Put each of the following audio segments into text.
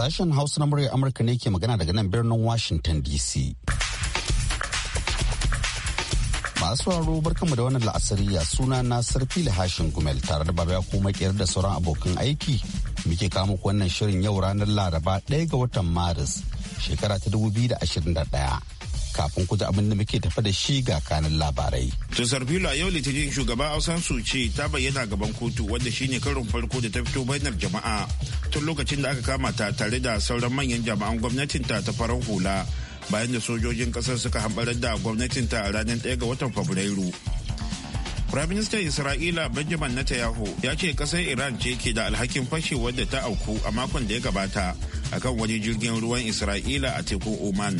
Sashen Hausa na murya Amurka ne ke magana daga nan birnin Washington DC. Masu raro barkanmu da wannan la'asariya suna na sarfi hashin gumel tare da baba ko makiyar da sauran abokan aiki muke kama wannan shirin yau ranar laraba ɗaya ga watan maris shekara ta 2021 kafin kuta abin da muke tafa da shi ga kanin labarai. To a yau litinin shugaban Ausan Suci ta bayyana gaban kotu wadda shine karin farko da ta fito bayanar jama'a tun lokacin da aka kama ta tare da sauran manyan jama'an gwamnatin ta ta farar hula bayan da sojojin kasar suka hambarar da gwamnatin ta a ranar 1 ga watan Fabrairu. Firaministan Isra'ila Benjamin Netanyahu ya ce kasar Iran ce ke da alhakin fashe da ta auku a makon da ya gabata akan wani jirgin ruwan Isra'ila a tekun Oman.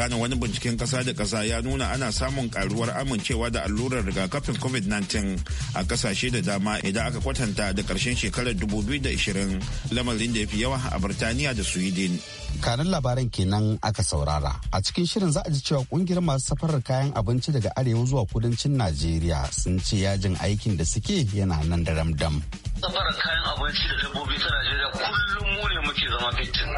tsakanin wani binciken kasa da kasa ya nuna ana samun karuwar amincewa da allurar rigakafin covid-19 a kasashe da dama idan aka kwatanta da karshen shekarar 2020 lamarin da ya fi yawa a birtaniya da sweden kanin labaran kenan aka saurara a cikin shirin za a ji cewa kungiyar masu safarar kayan abinci daga arewa zuwa kudancin najeriya sun ce yajin aikin da suke yana nan da ramdam safarar kayan abinci da dabbobi ta najeriya kullum mu ne muke zama fitin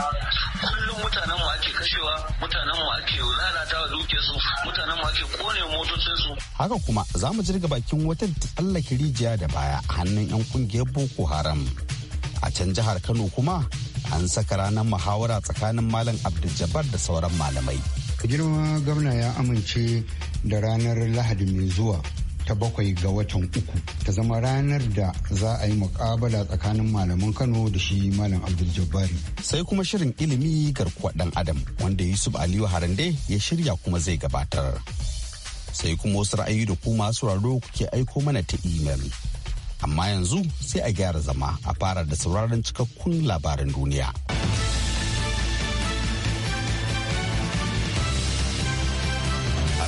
kullum mutanen mu ake kashewa mutanen mu ake lalatawa dukiyarsu mutanen mu ake kone motocin su. haka kuma za mu jirga bakin wata tsallake rijiya da baya a hannun yan kungiyar boko haram a can jihar kano kuma an saka ranar muhawara tsakanin malam abdul da sauran malamai girma gwamna ya amince da ranar lahadi mai zuwa ta bakwai ga watan uku ta zama ranar da za a yi mukabala tsakanin malaman kano da shi malam abdul jabbari sai kuma shirin ilimi garkuwa dan adam wanda yusuf aliyu harande ya shirya kuma zai gabatar sai kuma wasu ra'ayi da kuma sauraro kuke aiko mana ta imel amma yanzu sai a gyara zama a fara da sauraron cikakkun labaran duniya.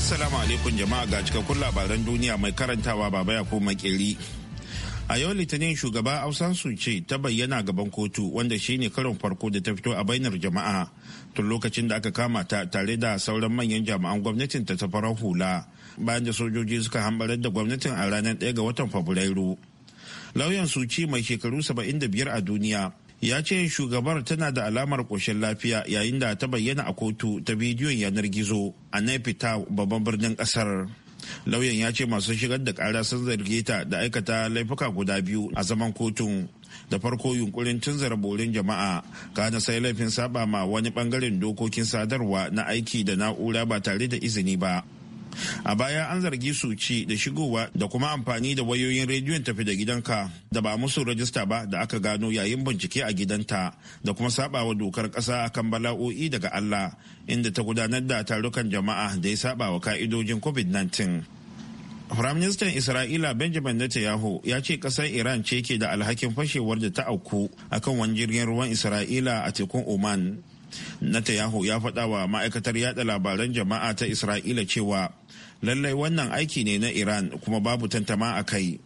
Assalamu alaikum jama'a ga cikakkun labaran duniya mai karantawa baba ya ko makeri. A yau litinin shugaba su ce ta bayyana gaban kotu wanda shine karin farko da ta fito a bainar jama'a tun lokacin da aka kama ta tare da sauran manyan jami'an gwamnatin ta ta farar hula bayan da sojoji suka hambarar da gwamnatin a ranar 1 ga watan Fabrairu. Lauyan Suci mai shekaru saba'in da biyar a duniya ya ce shugabar tana da alamar koshin lafiya yayin da ta bayyana a kotu ta bidiyon yanar gizo a naifita babban birnin kasar lauyan ya ce masu shigar da kara sun zarge ta da aikata laifuka guda biyu a zaman kotun da farko yunkurin tunzara borin jama'a kana sai laifin saba ma wani bangaren dokokin sadarwa na aiki da na'ura ba tare da izini ba a baya an zargi su ci da shigowa da kuma amfani da wayoyin rediyon tafi da gidanka da ba musu rajista ba da aka gano yayin bincike a gidanta da kuma sabawa dokar kasa akan bala'o'i daga allah inda ta gudanar da tarukan jama'a da ya sabawa ka'idojin covid-19 Firaministan Isra'ila Benjamin Netanyahu ya ce ƙasar Iran ce ke da alhakin fashewar da ta auku akan wani jirgin ruwan Isra'ila a tekun Oman. Netanyahu ya faɗa wa ma'aikatar yada labaran jama'a ta Isra'ila cewa lallai wannan aiki ne na iran kuma babu tantama a kai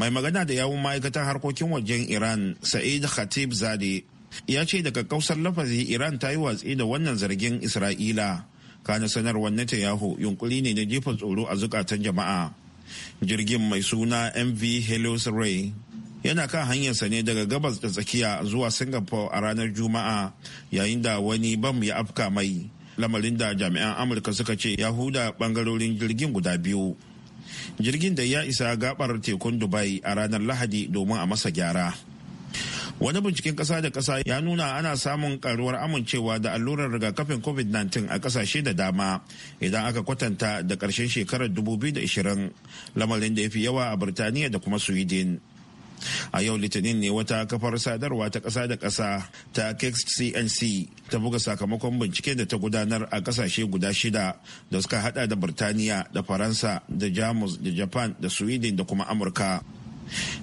mai magana da yawun ma'aikatan harkokin wajen iran sa'id khatib zade ya ce daga kausar lafazi iran ta yi watsi da wannan zargin isra'ila kana sanarwar netanyahu yunkuri ne na jefa tsoro a zukatan jama'a jirgin mai suna mv helios ray yana kan hanyarsa ne daga gabas da tsakiya zuwa singapore a ranar juma'a yayin da wani bam ya afka mai lamarin da jami'an amurka suka ce ya huda bangarorin jirgin guda biyu jirgin da ya isa gabar tekun dubai a ranar lahadi domin a masa gyara wani binciken kasa da kasa ya nuna ana samun karuwar amincewa da allurar rigakafin covid-19 a kasashe da dama idan aka kwatanta da karshen shekarar 2020 lamarin da ya fi yawa a birtaniya da kuma sweden a yau litinin ne wata kafar sadarwa ta ƙasa da ƙasa ta KCNC ta buga sakamakon bincike da ta gudanar a ƙasashe guda shida da suka hada da birtaniya da faransa da jamus da japan da sweden da kuma amurka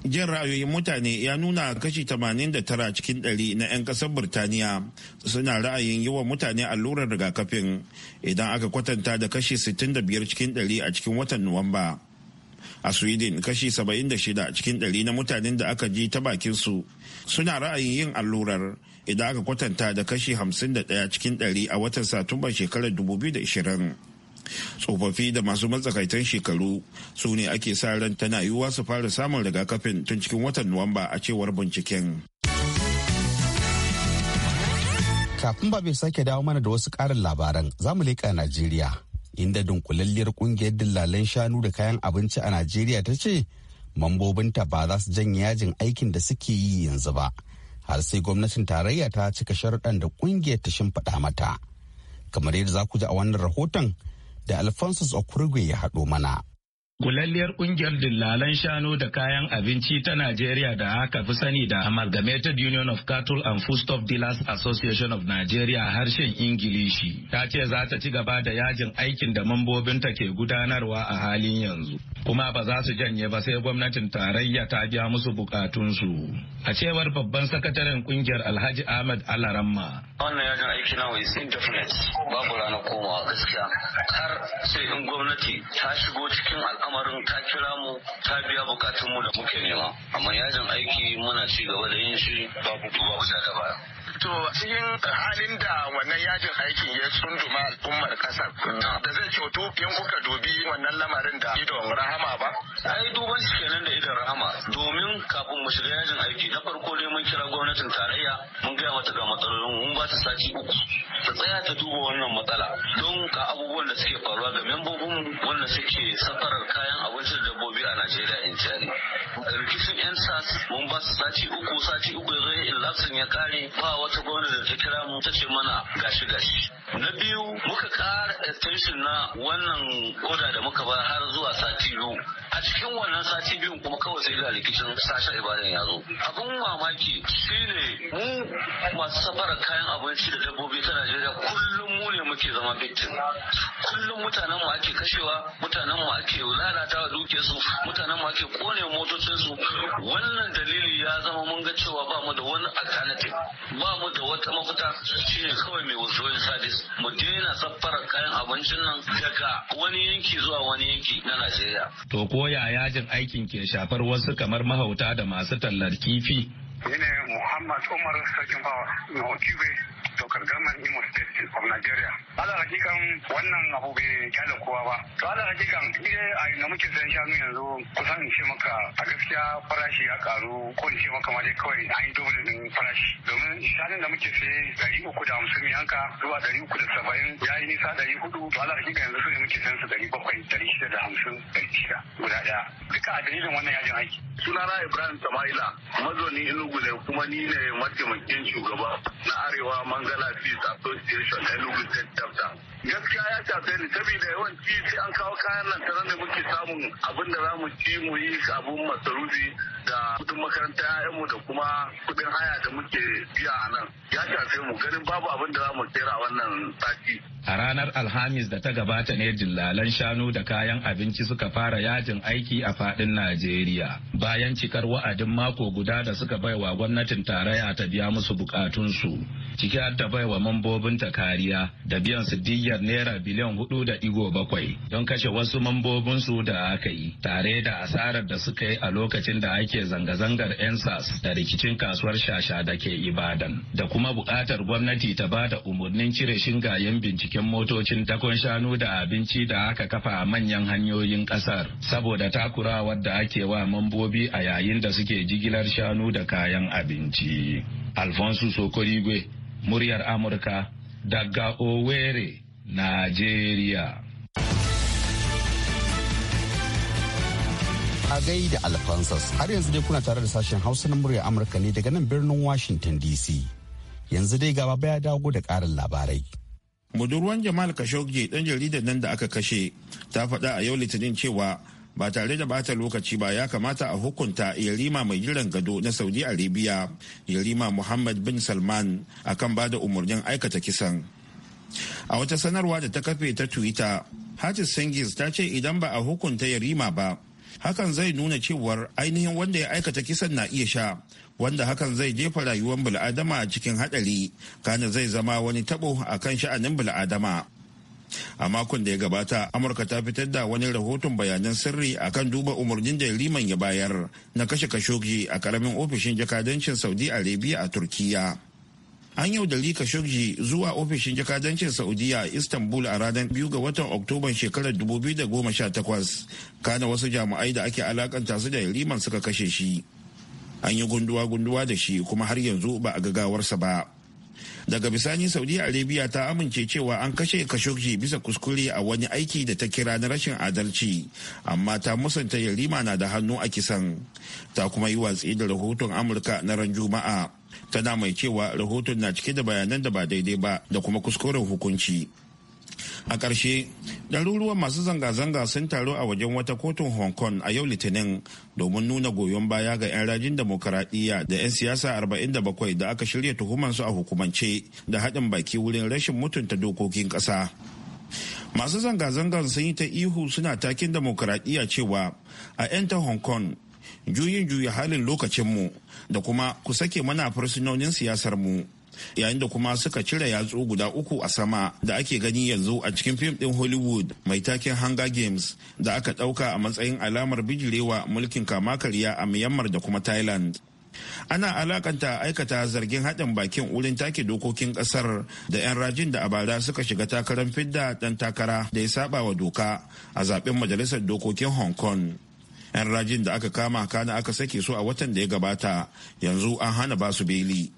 jin ra'ayoyin mutane ya nuna kashi 89 cikin 100 na 'yan kasar birtaniya suna ra'ayin yi wa mutane allurar rigakafin idan aka kwatanta da kashi 65 cikin 100 a cikin watan nuwamba. a sweden kashi 76 cikin dari na mutanen da aka ji ta bakin su suna ra'ayin yin allurar idan aka kwatanta da kashi 51 cikin dari a watan satumbar shekarar 2020 tsofaffi da masu matsakaitan shekaru su ne ake sa ran tana yiwuwa su fara samun rigakafin tun cikin watan nuwamba a cewar binciken kafin ba bai sake dawo mana da wasu ƙarin labaran zamu leƙa najeriya inda dunkulalliyar kungiyar dillalan shanu da kayan abinci a najeriya ta ce mambobinta ba za su janye yajin aikin da suke yi yanzu ba har sai gwamnatin tarayya ta cika sharuɗan da kungiyar ta shimfiɗa mata kamar yadda za ku ji a wannan rahoton da alphonsus okurgwe ya haɗo mana Kulalliyar kungiyar dillalan shanu da kayan abinci ta Najeriya da aka fi sani da Amalgamated Union of Cattle and Foodstuff Dealers Association of Nigeria harshen Ingilishi ta ce za ta ci gaba da yajin aikin da mambobinta ke gudanarwa a halin yanzu. Kuma ba za su janye ba sai gwamnatin tarayya ta biya musu bukatunsu. A cewar babban sakataren kungiyar Alhaji Ahmed Alaramma. Wannan yajin aiki na is indefinite babu ranar komawa gaskiya har sai in gwamnati ta shigo cikin lamarin ta kira mu ta biya bukatunmu da muke nema amma yajin aiki muna ci gaba da yin shi ba ku da baya to cikin halin da wannan yajin aikin ya tsunduma al'ummar kasar da zai kyautu in kuka dubi wannan lamarin da idon rahama ba ai duban su kenan da idon rahama domin kafin mu shiga yajin aiki na farko ne mun kira gwamnatin tarayya mun gaya mata ga matsalolin mun ba ta sati uku ta tsaya ta duba wannan matsala don ga abubuwan da suke faruwa ga membobin wanda suke safarar kayan abincin dabbobi a Najeriya in ne rikicin yan sas mun ba su sati uku sati uku ya in lapsin ya kare ba wata gwamna da ta kira mu ta ce mana gashi gashi na biyu muka kara extension na wannan koda da muka ba har zuwa sati biyu a cikin wannan sati biyun kuma kawai sai ga rikicin sashen ibadan ya zo abin mamaki shine mu masu safarar kayan abinci da dabbobi ta najeriya kullum mu ne muke zama bitin, kullum mutanen mu ake kashewa mutanen mu ake lalatawa dukiyarsu mutanen mu ake kone motocinsu wannan dalili ya zama mun ga cewa ba mu da wani alternative ba mu da wata mafita shine kawai mai withdrawing sadis mu daina safarar kayan abincin nan daga wani yanki zuwa wani yanki na najeriya koya yajin aikin ke shafar wasu kamar mahauta da masu tallar kifi ne Muhammad Umar Sarkin Bawa na Okiwe local government Imo State of Nigeria. Ala hakikan wannan abu bai kyale kowa ba. To ala hakikan ne a ina muke san shanu yanzu kusan in ce maka a gaskiya farashi ya karu ko in ce maka ma dai kawai an yi dubu da farashi. Domin shanun da muke saye dari uku da hamsin yanka zuwa dari uku da saba'in ya yi nisa dari hudu to ala hakikan yanzu su ne muke san su dari bakwai dari shida da hamsin dari shida guda ɗaya. Duka a dalilin wannan yajin aiki. Sunana Ibrahim Tamaila, mazauni Enugu Enugu ne kuma ni ne mataimakin shugaba na Arewa Mangala Peace Association Enugu State Chapter. Gaskiya ya shafe ni saboda yawanci sai an kawo kayan nan tare da muke samun abin da zamu ci mu yi abun masarufi da kudin makaranta yayanmu da kuma kudin haya da muke biya a nan. Ya shafe mu ganin babu abin da zamu tsira wannan sati. A ranar Alhamis da ta gabata ne dillalan shanu da kayan abinci suka fara yajin aiki a fadin Najeriya bayan cikar wa'adin mako guda da suka baiwa gwamnatin tarayya ta biya musu bukatunsu. Ciki har ta baiwa ta kariya da biyan su diyyar naira biliyan hudu da igo bakwai don kashe wasu mambobinsu da aka yi tare da asarar da suka yi a lokacin da ake zanga-zangar 'yan sas da rikicin kasuwar shasha da ke Ibadan da kuma bukatar gwamnati ta ba da umarnin cire shingayen bincike cikin motocin takon shanu da abinci da aka kafa manyan hanyoyin kasar saboda takurawar da ake wa mambobi a yayin da suke jigilar shanu da kayan abinci. Alfonso Sokorigwe, muryar Amurka, daga Owerri, Najeriya. A da Alphonsus, har yanzu dai kuna tare da sashen Hausa na muryar Amurka ne daga nan birnin Washington DC. Yanzu dai gaba baya dago da ƙarin labarai. budurwan jamal khashoggi dan jaridar nan da aka kashe ta faɗa a yau litinin cewa ba tare da bata lokaci ba ya kamata a hukunta yarima mai jiran gado na saudi arabia yarima muhammad bin salman akan bada umarnin aikata kisan a wata sanarwa da ta kafe ta twitter hatis singis ta ce idan ba a hukunta yarima ba hakan zai nuna cewar ainihin wanda ya aikata kisan na iya sha wanda hakan zai jefa rayuwar bil'adama a cikin haɗari kana zai zama wani tabo a kan sha'anin bil'adama a makon da ya gabata amurka ta fitar da wani rahoton bayanan sirri a kan duba umarnin da liman ya bayar na kashe kashoji a karamin ofishin jakadancin saudi arabia a turkiya an yau Lika Khashoggi zuwa ofishin jakadancin Saudiya a Istanbul a ranar biyu ga watan Oktoban shekarar 2018 kana wasu jami'ai da ake alakanta su da liman suka kashe shi. an yi gunduwa-gunduwa da shi kuma har yanzu ba a gagawarsa ba daga bisani saudi arabia ta amince cewa an kashe kashoggi bisa kuskure a wani aiki da ta kira na rashin adalci amma ta musanta yarima na da hannu a kisan ta kuma yi watsi da rahoton amurka na ran juma'a tana mai cewa rahoton na cike da bayanan da ba daidai ba da kuma kuskuren hukunci a ƙarshe ɗaruruwan masu zanga-zanga sun taru a wajen wata kotun hong kong a yau litinin domin nuna goyon baya ga 'yan rajin demokuraɗiyya da 'yan siyasa 47 da aka shirya tuhumansu a hukumance da haɗin baki wurin rashin mutunta dokokin ƙasa masu zanga-zangar sun yi ta ihu suna takin demokuraɗiyya cewa a 'yan ta hong kong juyin juya halin lokacinmu da kuma ku sake mana fursunonin siyasarmu yayin da kuma suka cire yatsu guda uku a sama da ake gani yanzu a cikin fim din hollywood mai taken hunger games da aka ɗauka a matsayin alamar bijirewa mulkin kama karya a myanmar da kuma thailand ana alakanta aikata zargin haɗin bakin wurin take dokokin ƙasar da 'yan rajin da abada suka shiga takarar fidda ɗan takara da ya saba wa doka a zaben majalisar dokokin hong kong 'yan rajin da aka kama kana aka sake su a watan da ya gabata yanzu an hana basu beli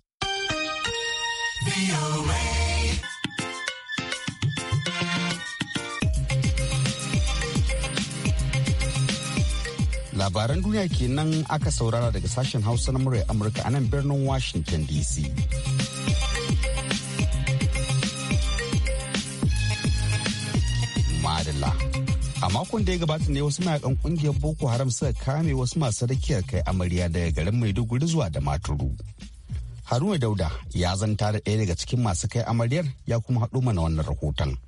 Labaran duniya kenan aka saurara daga sashen Hausa na murya Amurka a nan birnin Washington DC. Madalla. A makon da ya gabata ne wasu mayakan kungiyar Boko Haram suka kame wasu masu rakiyar kai amarya daga garin Maiduguri zuwa da maturu. haruna dauda ya zanta da ɗaya daga cikin masu kai amaryar ya kuma haɗu mana wannan rahoton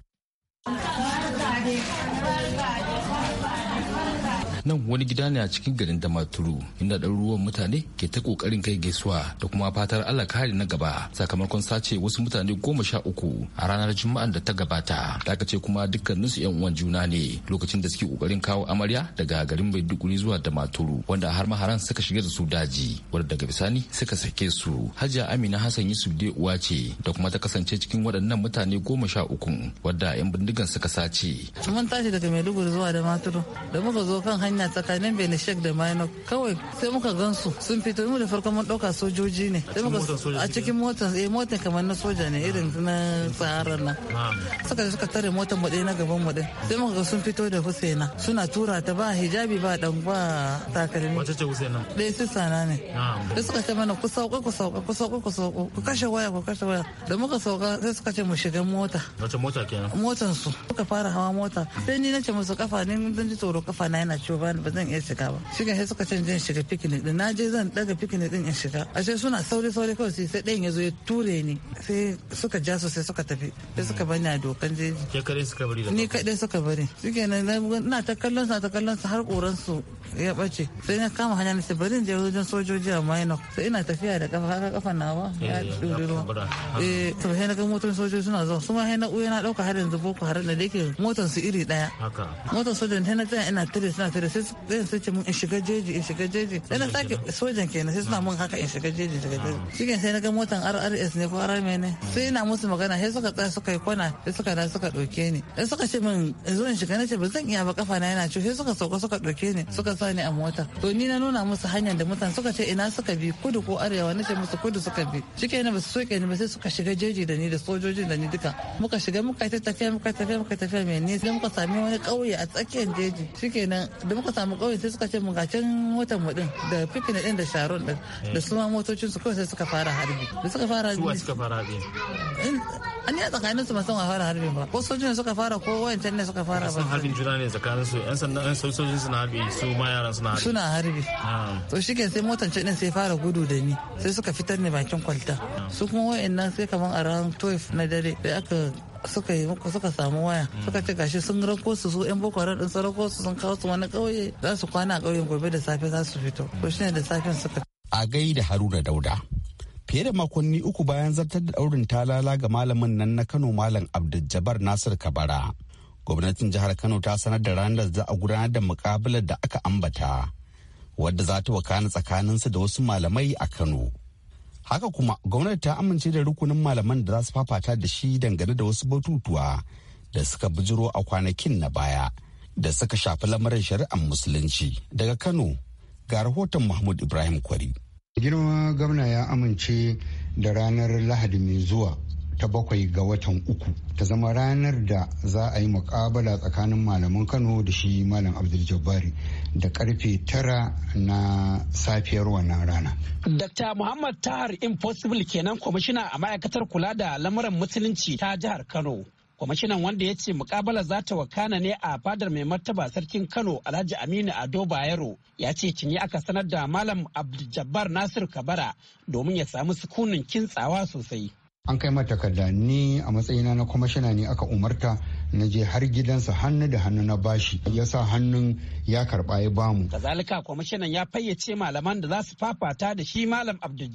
nan wani gida ne a cikin garin damaturu inda ɗaruruwan mutane ke ta ƙoƙarin kai gaisuwa da kuma fatar allah kare na gaba sakamakon sace wasu mutane goma sha uku a ranar juma'an da ta gabata da ce kuma dukkaninsu yan uwan juna ne lokacin da suke ƙoƙarin kawo amarya daga garin maiduguri zuwa damaturu wanda har maharan suka shiga da su daji wanda daga bisani suka sake su hajiya amina hassan yusuf dai uwa ce da kuma ta kasance cikin waɗannan mutane goma sha uku wadda yan bindigan suka sace. mun tashi daga maiduguri zuwa damaturu da muka zo kan hanya hanya tsakanin Benishek da Minok kawai sai muka gansu sun fito mu da farko mun dauka sojoji ne a cikin motan eh motan kamar na soja ne irin na tsaharar nan suka suka tare motan mu na gaban mu din sai muka ga sun fito da Husaina suna tura ta ba hijabi ba dan ba takalmi wace ce Husaina dai su sana ne sai suka ce mana ku sauka ku sauka ku sauka ku sauka ku kashe waya ku kashe waya da muka sauka sai suka ce mu shiga mota wace mota kenan motan su suka fara hawa mota sai ni nace musu kafa ne mun ji tsoro kafa na yana ciwo bani ba zan iya shiga ba shi sai suka ce zan shiga picnic din na je zan daga picnic din in shiga ashe suna sauri sauri kawai sai sai ɗayan yazo ya ture ni sai suka ja su sai suka tafi sai suka bani a dokan jeji ke kadai suka bari da ni kadai suka bari shi ke na ta kallon sa ta kallon sa har koran su ya bace sai na kama hanya na sai bari je wajen sojoji a minor sai ina tafiya da kafa haka kafa nawa ya duduro eh, eh to sai na ga motar sojoji suna zo su ma sai na uya na dauka har yanzu boko har da yake motar su iri daya motar sojoji sai na tsaya ina tare suna tare sai su ce mun in shiga jeji in shiga jeji sai na sake sojan kenan sai suna mun haka in shiga jeji shiga jeji shi sai na ga motan RRS ne ko RRM ne sai ina musu magana sai suka tsaya suka yi kwana sai suka na suka dauke ni sai suka ce min in zo in shiga nace ba zan iya ba kafa na yana ciwo sai suka sauka suka dauke ni suka sa ni a mota to ni na nuna musu hanyar da mutane suka ce ina suka bi kudu ko arewa ce musu kudu suka bi shike ne ba su soke ni ba sai suka shiga jeji da ni da sojojin da ni duka muka shiga muka tafiya muka tafiya muka tafiya mai nisa muka sami wani kauye a tsakiyar jeji shikenan da muka samu kauye sai suka ce mu gacin motar mu din da pikin din da sharon din da su ma motocin su kawai sai suka fara harbi da suka fara harbi suka fara harbi an yi tsakanin su masan fara harbi ba ko sojojin suka fara ko wayancan ne suka fara ba harbin juna ne tsakanin su yan sandan yan sojojin suna harbi su ma yaran suna harbi suna harbi ah. to shike sai motar ce din sai fara gudu da ni sai suka fitar ne bakin kwalta ah. su kuma wayannan sai kaman a ran 12 na dare da aka suka yi muku suka samu waya suka ce gashi sun rako su su yan boko haram din sun rako su sun kawo su wani kauye za su kwana a kauyen gobe da safe za su fito ko shine da safen suka a da haruna dauda fiye da makonni uku bayan zartar da daurin talala ga malamin nan na kano malam abdul nasir kabara gwamnatin jihar kano ta sanar da ranar da za a gudanar da mukabalar da aka ambata wadda za ta wakana tsakaninsu da wasu malamai a kano haka kuma gwamnati ta amince da rukunin malaman da za su fafata da shi dangane da wasu batutuwa da suka bijiro a kwanakin na baya da suka shafi lamarin shari'ar musulunci daga kano ga rahoton mahmud ibrahim kwari girma gwamna ya amince da ranar lahadi mai zuwa ta bakwai ga watan uku ta zama ranar da za a yi mukabala tsakanin malaman kano da shi malam abdul jabbari da karfe tara na safiyar wannan rana. Dr. Muhammad Tahar Impossible kenan kwamishina a ma'aikatar kula da lamuran musulunci ta jihar Kano. Kwamishinan wanda ya ce mukabala za ta wakana ne a fadar mai martaba sarkin Kano Alhaji Aminu Ado Bayero ya ce cinye aka sanar da Malam Abdul Nasir Kabara domin ya samu sukunin kintsawa sosai. an kai mata takarda ni a matsayina na kwamishina ne aka umarta na je har gidansa hannu da hannu na bashi ya sa hannun ya karba ya bamu kazalika kwamishinan ya fayyace malaman da za su fafata da shi malam abdul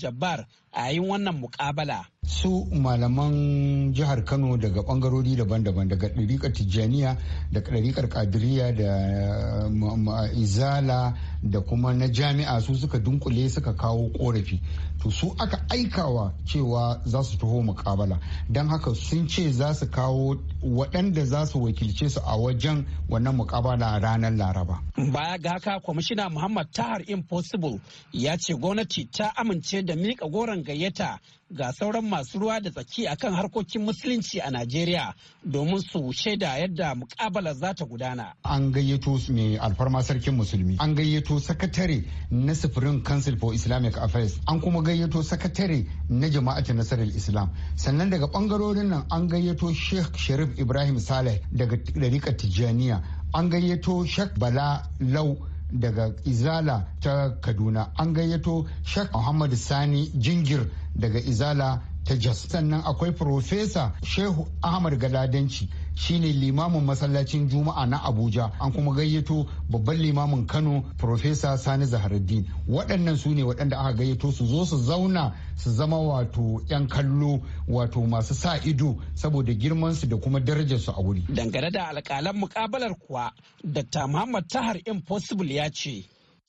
a yayin wannan mukabala su malaman jihar kano daga bangarori daban-daban daga ɗariƙar tijjaniya da ɗariƙar kadiriya da izala da kuma na jami'a su suka dunkule suka kawo korafi to su aka aikawa cewa za su taho mukabala don haka sun ce za su kawo waɗanda za su wakilce su a wajen wannan mukabala ranar laraba. baya ga haka kwamishina muhammad tahar impossible ya ce gwamnati ta amince da mika goron gayyata ga sauran masu ruwa da tsaki akan harkokin musulunci a Najeriya domin su shaida yadda mukabalar za ta gudana. An gayyato mai alfarma sarkin musulmi, an gayyato sakatare na Supreme Council for Islamic Affairs, an kuma gayyato sakatare na jama'atin nasarar Islam. Sannan daga bangarorin nan an gayyato Sheikh Sharif Ibrahim Saleh daga Dariƙar Tijjaniya, an gayyato Sheikh Bala Lau daga izala ta kaduna an gayyato shek muhammad sani jingir daga izala ta jos sannan akwai profesa shehu ahmad galadanci shine limamin masallacin juma'a na abuja an kuma gayyato babban limamin kano profesa sani zaharuddin waɗannan su ne waɗanda aka gayyato su zo su zauna su zama wato 'yan kallo wato masu sa ido saboda girmansu da kuma darajarsu a wuri dangane da alƙalan mukabalar kuwa dr muhammad tahar impossible ya ce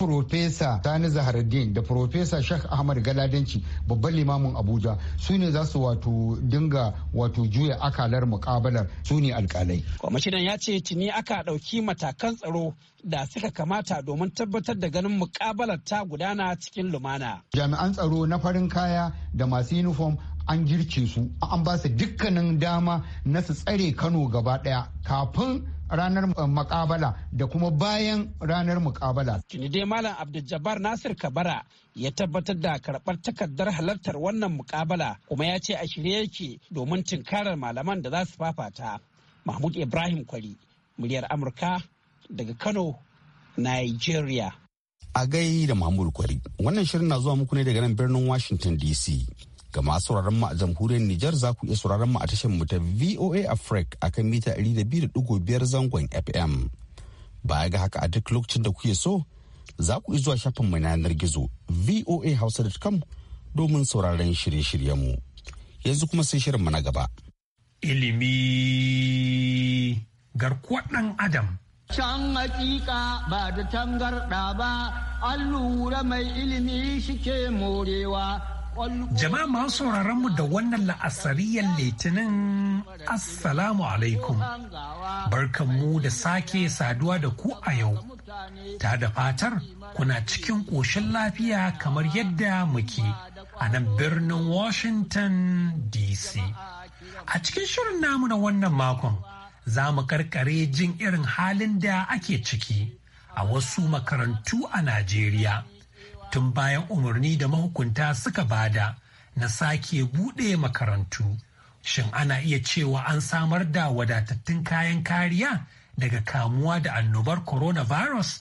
Profesa Sani Zaharaddin da Profesa Sheikh Ahmad Galadanci babban limamin Abuja su ne za su wato dinga wato juya akalar mukabalar su ne alkalai. Kwamishinan ya ce tuni aka ɗauki matakan tsaro da suka kamata domin tabbatar da ganin muƙabalar ta gudana cikin lumana. Jami'an tsaro na farin kaya da masu uniform an girke su an ba su dukkanin dama na su tsare Kano gaba ɗaya kafin ranar eh, makabala da kuma bayan ranar mukabala. Tuni dai Malam abdul Nasir Kabara ya tabbatar da karɓar takardar halartar wannan mukabala kuma ya ce a shirye yake domin tunkarar malaman da za su fafata. Mahmud Ibrahim Kwari, muryar Amurka daga Kano, Nigeria. A gai da Mahmud Kwari, wannan shirin na zuwa muku ne daga nan birnin Washington DC. Ga masu sauraron mu a jamhuriyar Nijar za ku iya sauraron mu a tashar mu ta VOA Africa akan mita 200.5 zangon FM. Baya ga haka a duk lokacin da kuke so za ku zuwa shafin mu yanar gizo voahausa.com domin sauraron shirye-shiryen mu. Yanzu kuma sai shirin mu na gaba. Ilimi garkuwar ɗan Adam. Can hakika ba da tangarɗa ba, an lura mai ilimi shike morewa Jama'a masu sauraron mu da wannan la'asariyar litinin Assalamu alaikum. Barkanmu da sake saduwa da ku a yau. Ta da fatar kuna cikin ƙoshin lafiya kamar yadda muke a nan birnin Washington DC. A cikin shirin namu na wannan makon za mu karkare jin irin halin da ake ciki a wasu makarantu a Najeriya. tun bayan umarni da mahukunta suka bada na sake buɗe makarantu. Shin ana iya cewa an samar da wadatattun kayan kariya daga kamuwa da annobar coronavirus?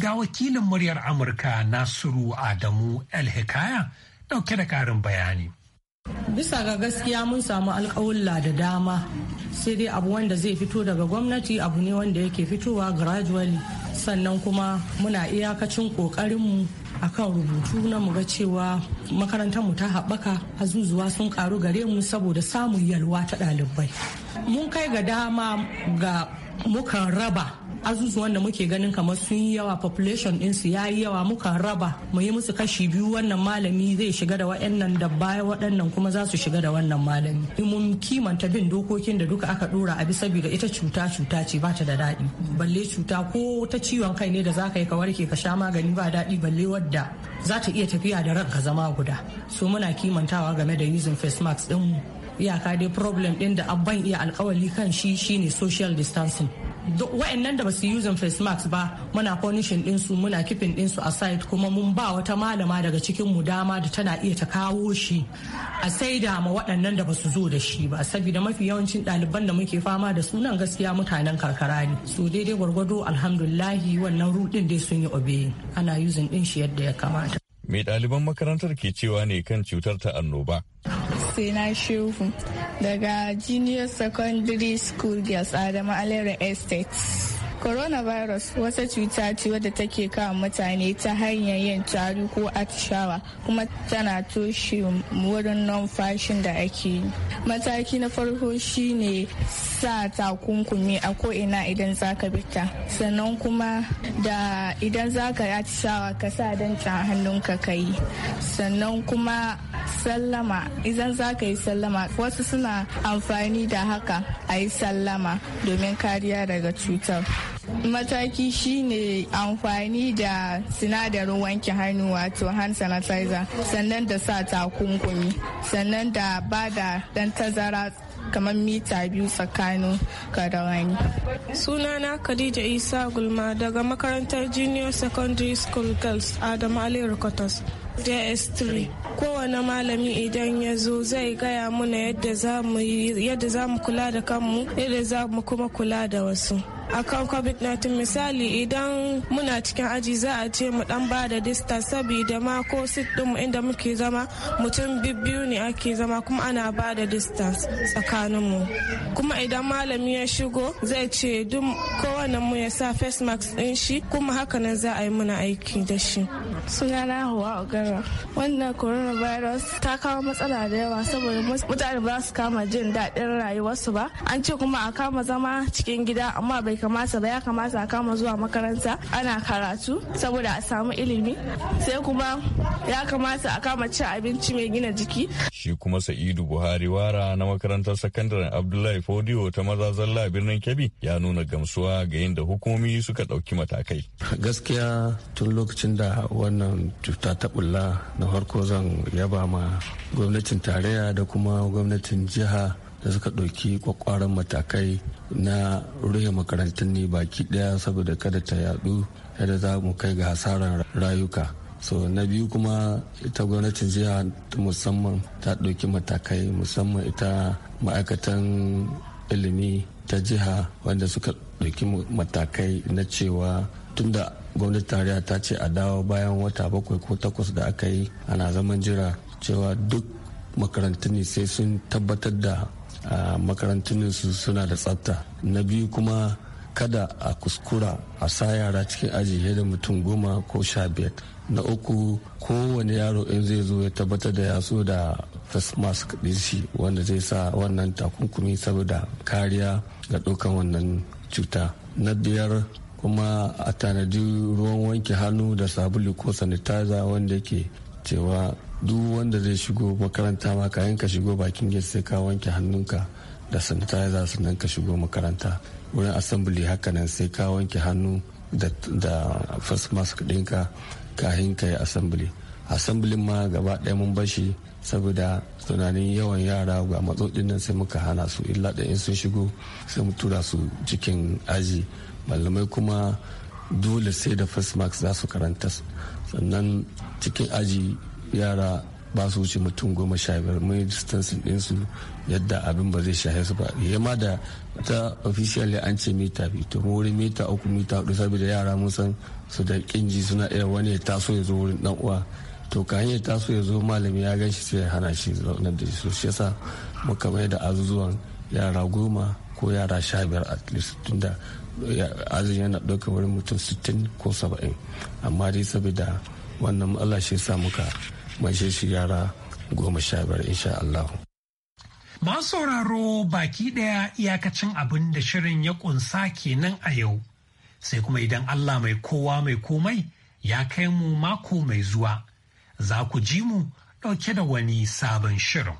Ga wakilin muryar Amurka Nasiru Adamu El-Hikaya ɗauke da ƙarin bayani. Bisa ga gaskiya mun samu alƙawulla da dama sai dai abu wanda zai fito daga gwamnati abu ne wanda yake fitowa gradually sannan kuma muna iyakacin ƙoƙarinmu akan rubutu na muga cewa makarantar mu ta haɓaka azuzuwa sun karu gare mu saboda samun yalwa ta ɗalibai mun kai ga dama ga mukan raba azuzuwan da muke ganin kamar sun yi yawa population ɗinsu ya yi yawa muka raba mu yi musu kashi biyu wannan malami zai shiga da wa'annan da baya waɗannan kuma za su shiga da wannan malami mun kimanta bin dokokin da duka aka dora a bisa saboda ita cuta cuta ce ba ta da daɗi balle cuta ko ta ciwon kai ne da za ka yi ka warke ka sha magani ba daɗi balle wadda za ta iya tafiya da ranka zama guda so muna kimantawa game da using face mask ɗin iyaka dai problem ɗin da abban iya alkawali kan shi shine social distancing wa'annan da ba basu using face mask ba muna punishing dinsu muna kifin dinsu a site kuma mun ba wata malama daga cikin mu dama da tana iya ta kawo shi a saida ma waɗannan da ba su zo da shi ba saboda mafi yawancin ɗaliban da muke fama da sunan gaskiya mutanen karkara ne so daidai gwargwado alhamdulillahi wannan rudin dai sun yi obe ana using din shi yadda ya kamata mai ɗaliban makarantar ke cewa ne kan cutar ta annoba Sina Shehu daga Junior Secondary School gas Adama Alera Estate. coronavirus wata cuta ce wadda take kawo mutane ta hanyar yin tari ko atishawa kuma tana toshe wurin numfashin da ake yi mataki na farko shine sa takunkumi a ko'ina idan zaka bita sannan kuma da idan zaka atishawa ka sa ta hannunka ka yi sannan kuma sallama idan zaka yi sallama wasu suna amfani da haka a yi sallama domin kariya daga cutar mataki shine amfani da sinadarin wanke hannu wato hand sanitizer sannan da sa takunkumi sannan da ba da dan tazara kamar mita biyu tsakanin karawani. sunana khadija isa gulma daga makarantar junior secondary school girls adam ali rukotos js3 kowane malami idan ya zo zai gaya mana yadda za mu kula da kanmu yadda za mu kuma kula da wasu akan covid-19 misali idan muna cikin aji za a ce mu dan ba da dista saboda ma ko sit ɗinmu inda muke zama mutum biyu ne ake zama kuma ana ba da distance tsakaninmu kuma idan malami ya shigo zai ce duk kowane mu ya sa face mask din shi kuma hakanan za a yi muna aiki da shi sunana hawa corona wannan coronavirus ta kawo matsala da yawa saboda mutane ba su kama jin daɗin rayuwarsu ba an ce kuma a kama zama cikin gida amma bai kamata ba ya kamata a kama zuwa makaranta ana karatu saboda a samu ilimi sai kuma ya kamata a kama cin abinci mai gina jiki shi kuma sa'idu buhari wara na makarantar sakandaren abdullahi fodiyo ta maza zalla birnin kebbi ya nuna gamsuwa ga yin hukumomi suka ɗauki matakai gaskiya tun lokacin da wannan cuta ta alhamdulillah na farko zan yaba ma gwamnatin tarayya da kuma gwamnatin jiha da suka ɗauki kwakwaran matakai na rufe makarantun ne baki ɗaya saboda kada ta yadu yadda za mu kai ga hasaran rayuka so na biyu kuma ita gwamnatin jiha musamman ta ɗauki matakai musamman ita ma'aikatan ilimi ta jiha wanda suka ɗauki matakai na cewa tunda gwamnati tarayya ta ce a dawo bayan wata bakwai ko takwas da aka yi ana zaman jira cewa duk makarantun sai sun tabbatar da makarantun su suna da tsafta na biyu kuma kada a kuskura a sa yara cikin aji da mutum goma ko sha biyar na uku kowane yaro in zai zo ya tabbatar da yaso da face mask dc shi wanda zai sa wannan takunkumi saboda kariya ga ɗaukan wannan cuta na biyar kuma a tanadi ruwan wanke hannu da sabulu ko sanitizer wanda yake cewa duk wanda zai shigo makaranta ma kayan ka shigo bakin gate sai ka wanke hannunka da sanitizer sannan ka shigo makaranta wurin assembly hakanan sai ka wanke hannu da first mask ɗinka kahin ka yi assembly assembly ma gaba ɗaya mun bashi saboda tunanin yawan yara ga matsoɗin nan sai muka hana su illa da in sun shigo sai mu tura su cikin aji malamai kuma dole sai da first mark za su karanta sannan cikin aji yara ba su wuce mutum goma sha biyar mai distancing ɗinsu yadda abin ba zai shahe su ba ma da ta official an ce mita biyu to wurin mita uku mita hudu saboda yara mun san su da kinji suna iya wani ya taso ya zo wurin dan uwa to ka hanyar taso ya zo malami ya gan shi sai ya hana shi zaunar da shi shi yasa muka mai da azuzuwan yara goma ko yara sha biyar at least tunda azumi yana ɗauka wurin mutum 60 ko 70 amma dai saboda wannan Allah shi sa muka mai shi yara goma sha biyar insha Allah. Masu sauraro baki ɗaya iyakacin abin da shirin ya ƙunsa kenan a yau. Sai kuma idan Allah mai kowa mai komai ya kai mu mako mai zuwa, za ku ji mu ɗauke da wani sabon shirin.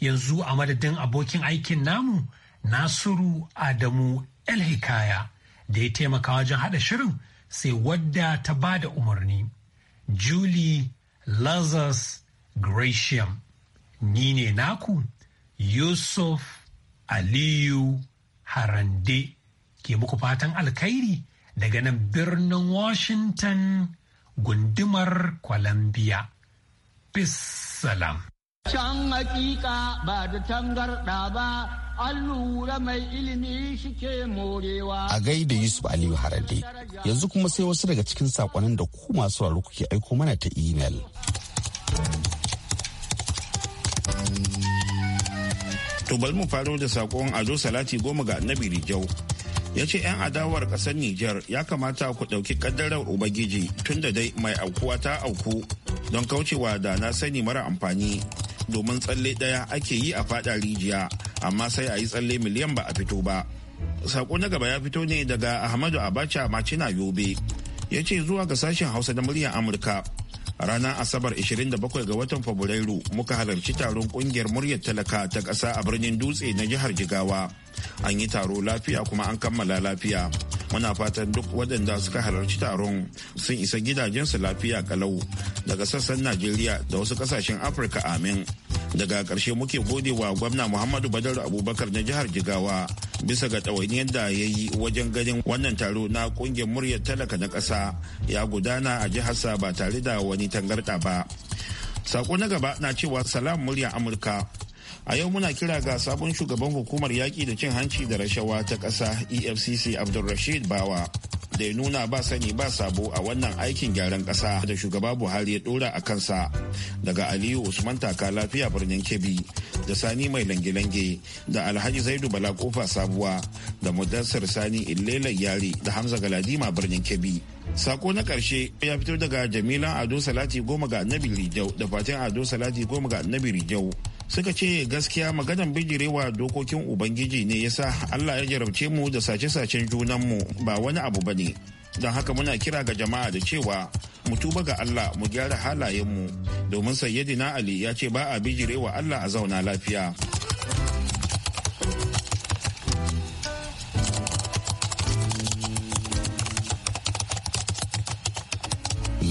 Yanzu a madadin abokin aikin namu, Nasiru Adamu El Hikaya da ya taimaka wajen haɗa shirin sai wadda ta ba da umarni. Julie Lazarus Gratiam, ni ne naku Yusuf Aliyu Harande ke muku fatan alkhairi daga nan birnin Washington gundumar Columbia. Peace salam. Can hakika ba da tangarɗa ba, an lura mai ilimi shi ke morewa. A gaida Yusuf Aliyu Harade, yanzu kuma sai wasu daga cikin saƙonin da ku masu sauraro kuke aiko mana ta imel. To mu faro da sakon Ado Salati goma ga Annabi Rijau. ya ce 'yan adawar kasar Nijar ya kamata ku ɗauki ƙaddarar Ubangiji tun da dai mai aukuwa ta auku don kaucewa da na sani mara amfani domin tsalle ɗaya ake yi a fada rijiya amma sai a yi tsalle miliyan ba a fito ba sako na gaba ya fito ne daga ahmadu abacha macina yobe ya ce zuwa ga sashen hausa da muryar amurka ranar asabar 27 ga watan fabrairu muka halarci taron kungiyar muryar talaka ta ƙasa a birnin dutse na jihar jigawa an yi taro lafiya kuma an kammala lafiya muna fatan duk waɗanda suka halarci taron sun isa gidajensu lafiya kalau daga sassan najeriya da wasu ƙasashen afirka amin daga ƙarshe muke gode wa gwamna muhammadu badar abubakar na jihar jigawa bisa ga ɗawainiyar da ya yi wajen ganin wannan taro na ƙungiyar muryar talaka na ƙasa ya gudana a jiharsa ba tare da wani tangarɗa ba. Sako na gaba na cewa salam muryar Amurka a yau muna kira ga sabon shugaban hukumar yaƙi da cin hanci da rashawa ta ƙasa efcc abdulrashid bawa da ya nuna ba sani ba sabo a wannan aikin gyaran ƙasa da shugaba buhari ya ɗora a kansa daga aliyu usman taka lafiya birnin kebbi da sani mai lange-lange da alhaji zaidu bala kofa sabuwa da mudassar sani illelai yari da hamza galadima birnin kebbi sako na karshe ya fito daga jamila ado salati goma ga annabi rijau da fatan ado salati goma ga annabi rijau suka ce gaskiya maganan bijirewa dokokin ubangiji ne yasa allah ya jarabce mu da sace-sacen junan mu ba wani abu ba ne don haka muna kira ga jama'a da cewa mu tuba ga allah mu gyara halayenmu domin sayyidina ali ya ce ba a bijirewa allah a zauna lafiya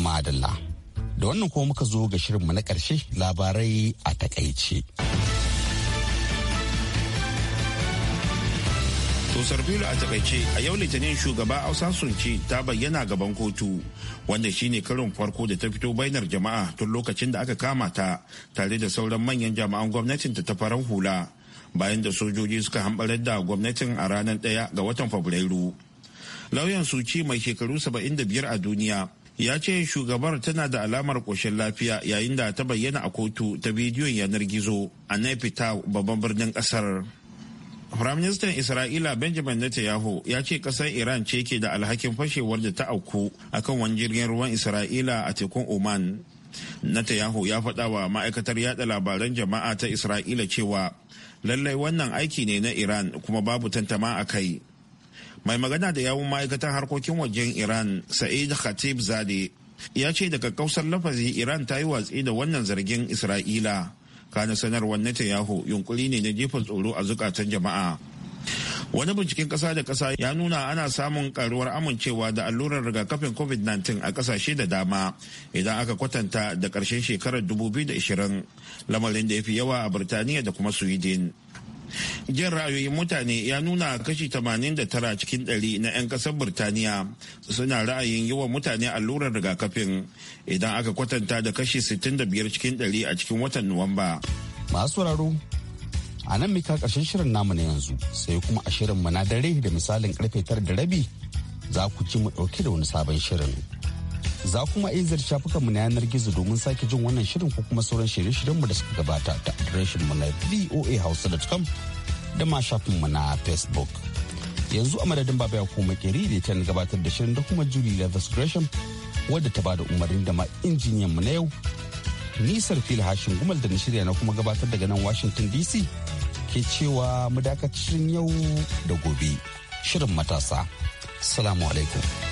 madalla da wannan kuma muka zo ga shirinmu na ƙarshe labarai a takaice. Tosar Bello a takaice a yau litinin shugaba Hausa Sunci ta bayyana gaban kotu wanda shine karin farko da ta fito bainar jama'a tun lokacin da aka kama ta tare da sauran manyan jama'an gwamnatin ta farar hula bayan da sojoji suka hambarar da gwamnatin a ranar ɗaya ga watan Fabrairu. Lauyan Suci mai shekaru 75 a duniya ya ce shugabar tana da alamar koshin lafiya yayin da ta bayyana a kotu ta bidiyon yanar gizo a Nefita babban birnin kasar. ƙasar. Firaministan Isra'ila Benjamin Netanyahu ya ce ƙasar Iran ce ke da alhakin fashewar da ta auku akan wani jirgin ruwan Isra'ila a tekun Oman. Netanyahu ya faɗa wa ma'aikatar yada labaran jama'a ta Isra'ila cewa lallai wannan aiki ne na Iran kuma babu tantama a kai. mai magana da yawun ma'aikatan harkokin wajen iran sa'id khatib zade ya ce daga kausar lafazi iran ta yi watsi da wannan zargin isra'ila kana sanarwar netanyahu yunkuri ne na jefa tsoro a zukatan jama'a wani binciken kasa da kasa ya nuna ana samun karuwar amincewa da allurar rigakafin covid-19 a kasashe da dama idan aka kwatanta da karshen shekarar 2020 lamarin da ya fi yawa a birtaniya da kuma sweden jin ra'ayoyin mutane ya nuna kashi 89 cikin 100 na 'yan kasar birtaniya suna ra'ayin yi wa mutane allurar rigakafin idan aka kwatanta da kashi 65 cikin 100 a cikin watan nuwamba masu sauraro a nan mika karshen shirin namu na yanzu sai kuma a shirin mu na dare da misalin karfe tara da rabi za ku ci mu ɗauke da wani sabon shirin za kuma iya ziyarci shafukanmu na yanar gizo domin sake jin wannan shirin ko kuma sauran shirye-shiryenmu da suka gabata ta mu na voahausa.com da ma shafinmu na facebook yanzu a madadin baba ya kuma kiri da ta gabatar da shirin da kuma julie levis gresham wadda ta bada umarni da ma injiniyan mu na yau nisar fil hashin gumal da na shirya na kuma gabatar daga nan washington dc ke cewa mu dakacin yau da gobe shirin matasa salamu alaikum